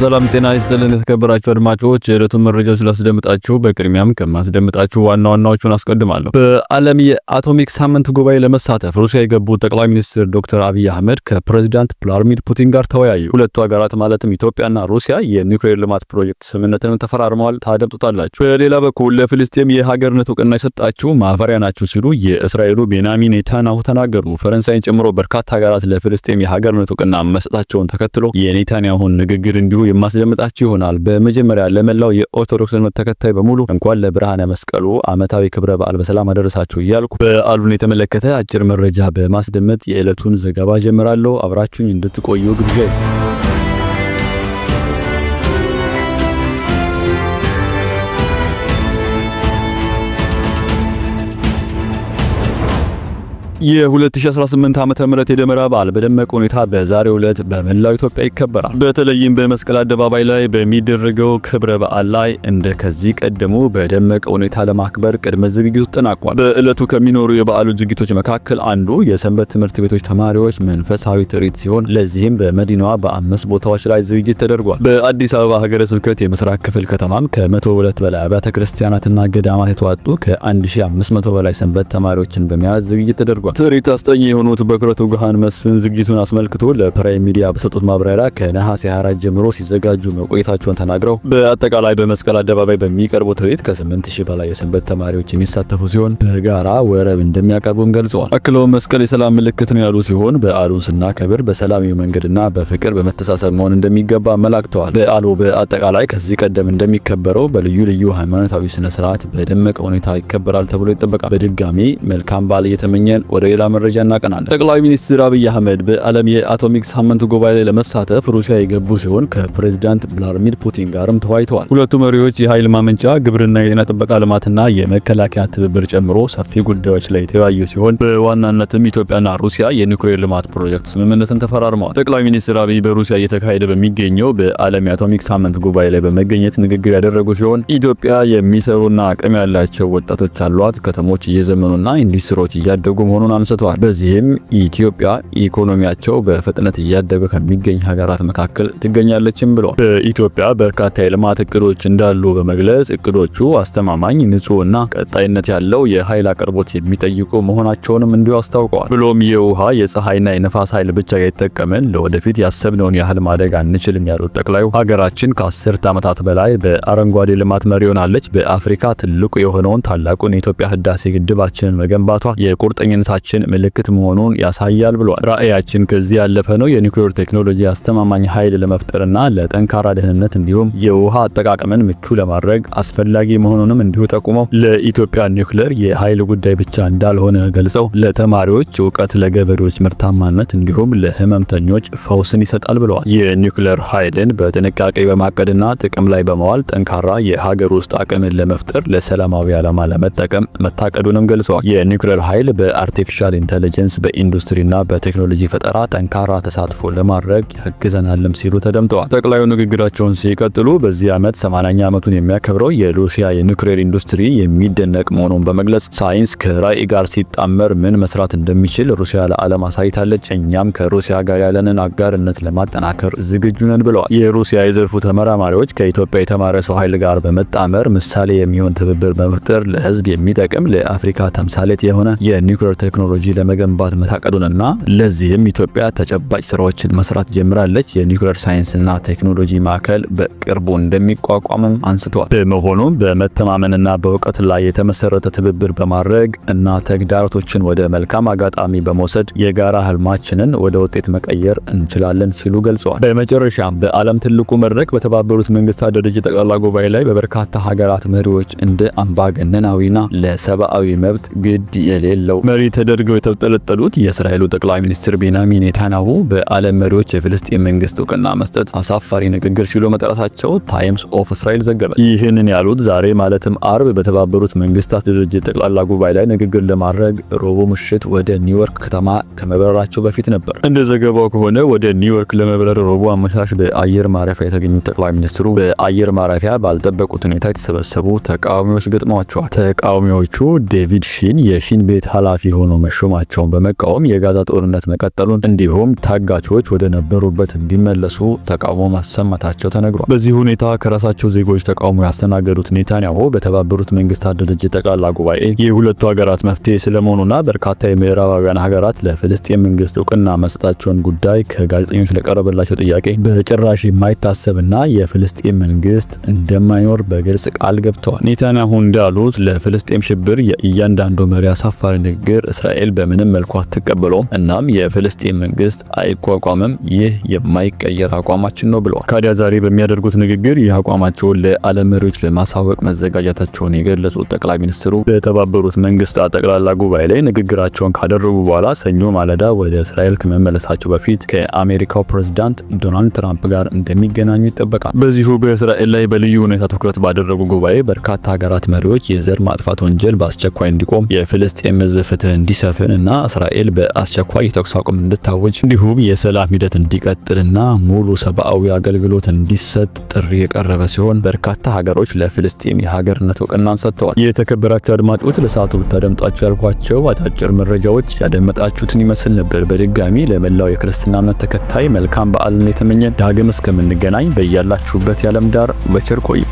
ሰላም ጤና ይስጥልን የተከበራችሁ አድማጮች፣ የዕለቱን መረጃዎች ስላስደምጣችሁ በቅድሚያም ከማስደምጣችሁ ዋና ዋናዎቹን አስቀድማለሁ። በዓለም የአቶሚክ ሳምንት ጉባኤ ለመሳተፍ ሩሲያ የገቡት ጠቅላይ ሚኒስትር ዶክተር አብይ አህመድ ከፕሬዚዳንት ቭላድሚር ፑቲን ጋር ተወያዩ። ሁለቱ ሀገራት ማለትም ኢትዮጵያና ሩሲያ የኒውክሌር ልማት ፕሮጀክት ስምምነትን ተፈራርመዋል። ታደምጡታላችሁ። በሌላ በኩል ለፍልስጤም የሀገርነት እውቅና የሰጣችሁ ማፈሪያ ናችሁ ሲሉ የእስራኤሉ ቤንያሚን ኔታንያሁ ተናገሩ። ፈረንሳይን ጨምሮ በርካታ ሀገራት ለፍልስጤም የሀገርነት እውቅና መስጠታቸውን ተከትሎ የኔታንያሁን ንግግር እንዲሁ የማስደምጣችሁ ይሆናል። በመጀመሪያ ለመላው የኦርቶዶክስ እምነት ተከታይ በሙሉ እንኳን ለብርሃነ መስቀሉ ዓመታዊ ክብረ በዓል በሰላም አደረሳችሁ እያልኩ በዓሉን የተመለከተ አጭር መረጃ በማስደመጥ የዕለቱን ዘገባ ጀምራለሁ። አብራችሁኝ እንድትቆዩ ግብዣ የ2018 ዓመተ ምህረት የደመራ በዓል በደመቀ ሁኔታ በዛሬ ዕለት በመላው ኢትዮጵያ ይከበራል። በተለይም በመስቀል አደባባይ ላይ በሚደረገው ክብረ በዓል ላይ እንደ ከዚህ ቀደሙ በደመቀ ሁኔታ ለማክበር ቅድመ ዝግጅቱ ተጠናቋል። በዕለቱ ከሚኖሩ የበዓሉ ዝግጅቶች መካከል አንዱ የሰንበት ትምህርት ቤቶች ተማሪዎች መንፈሳዊ ትርኢት ሲሆን ለዚህም በመዲናዋ በአምስት ቦታዎች ላይ ዝግጅት ተደርጓል። በአዲስ አበባ ሀገረ ስብከት የምስራቅ ክፍል ከተማም ከ102 በላይ አብያተ ክርስቲያናትና ገዳማት የተዋጡ ከ1500 በላይ ሰንበት ተማሪዎችን በመያዝ ዝግጅት ተደርጓል። አድርጓል። ትርኢት አስጠኝ የሆኑት በኩረት ኡግሃን መስፍን ዝግጅቱን አስመልክቶ ለፕራይም ሚዲያ በሰጡት ማብራሪያ ከነሐሴ 24 ጀምሮ ሲዘጋጁ መቆየታቸውን ተናግረው በአጠቃላይ በመስቀል አደባባይ በሚቀርቡ ትርኢት ከ8000 በላይ የሰንበት ተማሪዎች የሚሳተፉ ሲሆን በጋራ ወረብ እንደሚያቀርቡም ገልጸዋል። አክለው መስቀል የሰላም ምልክት ነው ያሉ ሲሆን በዓሉን ስናከብር በሰላማዊ መንገድና በፍቅር በመተሳሰብ መሆን እንደሚገባ አመላክተዋል። በዓሉ በአጠቃላይ ከዚህ ቀደም እንደሚከበረው በልዩ ልዩ ሃይማኖታዊ ስነ ስርዓት በደመቀ ሁኔታ ይከበራል ተብሎ ይጠበቃል። በድጋሚ መልካም በዓል እየተመኘን ወደ ሌላ መረጃ እናቀናለን። ጠቅላይ ሚኒስትር አብይ አህመድ በዓለም የአቶሚክ ሳምንት ጉባኤ ላይ ለመሳተፍ ሩሲያ የገቡ ሲሆን ከፕሬዝዳንት ቭላድሚር ፑቲን ጋርም ተወያይተዋል። ሁለቱ መሪዎች የኃይል ማመንጫ፣ ግብርና፣ የጤና ጥበቃ ልማትና የመከላከያ ትብብር ጨምሮ ሰፊ ጉዳዮች ላይ የተወያዩ ሲሆን በዋናነትም ኢትዮጵያና ሩሲያ የኒውክሌር ልማት ፕሮጀክት ስምምነትን ተፈራርመዋል። ጠቅላይ ሚኒስትር አብይ በሩሲያ እየተካሄደ በሚገኘው በዓለም የአቶሚክ ሳምንት ጉባኤ ላይ በመገኘት ንግግር ያደረጉ ሲሆን ኢትዮጵያ የሚሰሩና አቅም ያላቸው ወጣቶች አሏት፣ ከተሞች እየዘመኑና ኢንዱስትሪዎች እያደጉ መሆኑን መሆኑን አንስተዋል። በዚህም ኢትዮጵያ ኢኮኖሚያቸው በፍጥነት እያደገ ከሚገኝ ሀገራት መካከል ትገኛለችም ብለዋል። በኢትዮጵያ በርካታ የልማት እቅዶች እንዳሉ በመግለጽ እቅዶቹ አስተማማኝ፣ ንጹህና ቀጣይነት ያለው የኃይል አቅርቦት የሚጠይቁ መሆናቸውንም እንዲሁ አስታውቀዋል። ብሎም የውሃ የፀሐይና የነፋስ ኃይል ብቻ የተጠቀመን ለወደፊት ያሰብነውን ያህል ማደግ አንችልም ያሉት ጠቅላዩ ሀገራችን ከአስርት ዓመታት በላይ በአረንጓዴ ልማት መሪ ሆናለች። በአፍሪካ ትልቁ የሆነውን ታላቁን የኢትዮጵያ ህዳሴ ግድባችንን መገንባቷ የቁርጠኝነታ የመምጣታችን ምልክት መሆኑን ያሳያል ብሏል። ራዕያችን ከዚህ ያለፈ ነው። የኒውክሌር ቴክኖሎጂ አስተማማኝ ኃይል ለመፍጠርና ለጠንካራ ደህንነት እንዲሁም የውሃ አጠቃቀምን ምቹ ለማድረግ አስፈላጊ መሆኑንም እንዲሁ ጠቁመው ለኢትዮጵያ ኒውክሌር የኃይል ጉዳይ ብቻ እንዳልሆነ ገልጸው ለተማሪዎች እውቀት፣ ለገበሬዎች ምርታማነት እንዲሁም ለህመምተኞች ፈውስን ይሰጣል ብለዋል። የኒውክሌር ኃይልን በጥንቃቄ በማቀድና ጥቅም ላይ በመዋል ጠንካራ የሀገር ውስጥ አቅምን ለመፍጠር ለሰላማዊ ዓላማ ለመጠቀም መታቀዱንም ገልጸዋል። የኒውክሌር ኃይል በአርቴ አርቲፊሻል ኢንተለጀንስ በኢንዱስትሪና በቴክኖሎጂ ፈጠራ ጠንካራ ተሳትፎ ለማድረግ ያግዘናልም ሲሉ ተደምጠዋል። ጠቅላዩ ንግግራቸውን ሲቀጥሉ በዚህ ዓመት 80ኛ ዓመቱን የሚያከብረው የሩሲያ የኒውክሌር ኢንዱስትሪ የሚደነቅ መሆኑን በመግለጽ ሳይንስ ከራዕይ ጋር ሲጣመር ምን መስራት እንደሚችል ሩሲያ ለዓለም አሳይታለች፣ እኛም ከሩሲያ ጋር ያለንን አጋርነት ለማጠናከር ዝግጁ ነን ብለዋል። የሩሲያ የዘርፉ ተመራማሪዎች ከኢትዮጵያ የተማረ ሰው ኃይል ጋር በመጣመር ምሳሌ የሚሆን ትብብር በመፍጠር ለሕዝብ የሚጠቅም ለአፍሪካ ተምሳሌት የሆነ የኒውክሌር ቴክኖሎጂ ለመገንባት መታቀዱንና ለዚህም ኢትዮጵያ ተጨባጭ ስራዎችን መስራት ጀምራለች። የኒውክሌር ሳይንስና ቴክኖሎጂ ማዕከል በቅርቡ እንደሚቋቋምም አንስቷል። በመሆኑም በመተማመንና በእውቀት ላይ የተመሰረተ ትብብር በማድረግ እና ተግዳሮቶችን ወደ መልካም አጋጣሚ በመውሰድ የጋራ ህልማችንን ወደ ውጤት መቀየር እንችላለን ሲሉ ገልጸዋል። በመጨረሻም በዓለም ትልቁ መድረክ በተባበሩት መንግስታት ድርጅት ጠቅላላ ጉባኤ ላይ በበርካታ ሀገራት መሪዎች እንደ አምባገነናዊና ለሰብአዊ መብት ግድ የሌለው መሪ ተደርገው የተጠለጠሉት የእስራኤሉ ጠቅላይ ሚኒስትር ቤንያሚን ኔታንያሁ በዓለም መሪዎች የፍልስጤን መንግስት እውቅና መስጠት አሳፋሪ ንግግር ሲሉ መጠራታቸው ታይምስ ኦፍ እስራኤል ዘገበ። ይህንን ያሉት ዛሬ ማለትም አርብ በተባበሩት መንግስታት ድርጅት ጠቅላላ ጉባኤ ላይ ንግግር ለማድረግ ሮቡ ምሽት ወደ ኒውዮርክ ከተማ ከመብረራቸው በፊት ነበር። እንደ ዘገባው ከሆነ ወደ ኒውዮርክ ለመብረር ሮቡ አመሻሽ በአየር ማረፊያ የተገኙት ጠቅላይ ሚኒስትሩ በአየር ማረፊያ ባልጠበቁት ሁኔታ የተሰበሰቡ ተቃዋሚዎች ገጥመዋቸዋል። ተቃዋሚዎቹ ዴቪድ ሺን የሺን ቤት ኃላፊ ሆኖ መሾማቸውን በመቃወም የጋዛ ጦርነት መቀጠሉን እንዲሁም ታጋቾች ወደ ነበሩበት እንዲመለሱ ተቃውሞ ማሰማታቸው ተነግሯል። በዚህ ሁኔታ ከራሳቸው ዜጎች ተቃውሞ ያስተናገዱት ኔታንያሁ በተባበሩት መንግስታት ድርጅት ጠቅላላ ጉባኤ የሁለቱ ሀገራት መፍትሄ ስለመሆኑና በርካታ የምዕራባውያን ሀገራት ለፍልስጤን መንግስት እውቅና መስጠታቸውን ጉዳይ ከጋዜጠኞች ለቀረበላቸው ጥያቄ በጭራሽ የማይታሰብና የፍልስጤን መንግስት እንደማይኖር በግልጽ ቃል ገብተዋል። ኔታንያሁ እንዳሉት ለፍልስጤም ሽብር የእያንዳንዱ መሪ አሳፋሪ ንግግር እስራኤል በምንም መልኩ አትቀበለውም፣ እናም የፍልስጤም መንግስት አይቋቋምም፣ ይህ የማይቀየር አቋማችን ነው ብለዋል። ካዲያ ዛሬ በሚያደርጉት ንግግር ይህ አቋማቸውን ለዓለም መሪዎች ለማሳወቅ መዘጋጀታቸውን የገለጹት ጠቅላይ ሚኒስትሩ በተባበሩት መንግስታት ጠቅላላ ጉባኤ ላይ ንግግራቸውን ካደረጉ በኋላ ሰኞ ማለዳ ወደ እስራኤል ከመመለሳቸው በፊት ከአሜሪካው ፕሬዝዳንት ዶናልድ ትራምፕ ጋር እንደሚገናኙ ይጠበቃል። በዚሁ በእስራኤል ላይ በልዩ ሁኔታ ትኩረት ባደረጉ ጉባኤ በርካታ ሀገራት መሪዎች የዘር ማጥፋት ወንጀል በአስቸኳይ እንዲቆም፣ የፍልስጤም ህዝብ ፍትህ እንዲሰፍን እና እስራኤል በአስቸኳይ የተኩስ አቁም እንድታወጅ እንዲሁም የሰላም ሂደት እንዲቀጥልና ሙሉ ሰብአዊ አገልግሎት እንዲሰጥ ጥሪ የቀረበ ሲሆን በርካታ ሀገሮች ለፍልስጤም የሀገርነት እውቅናን ሰጥተዋል። የተከበራቸው አድማጮች ለሰዓቱ ብታደምጧቸው ያልኳቸው አጫጭር መረጃዎች ያደመጣችሁትን ይመስል ነበር። በድጋሚ ለመላው የክርስትና እምነት ተከታይ መልካም በዓልን የተመኘ ዳግም እስከምንገናኝ በያላችሁበት የዓለም ዳር በቸር ቆዩ።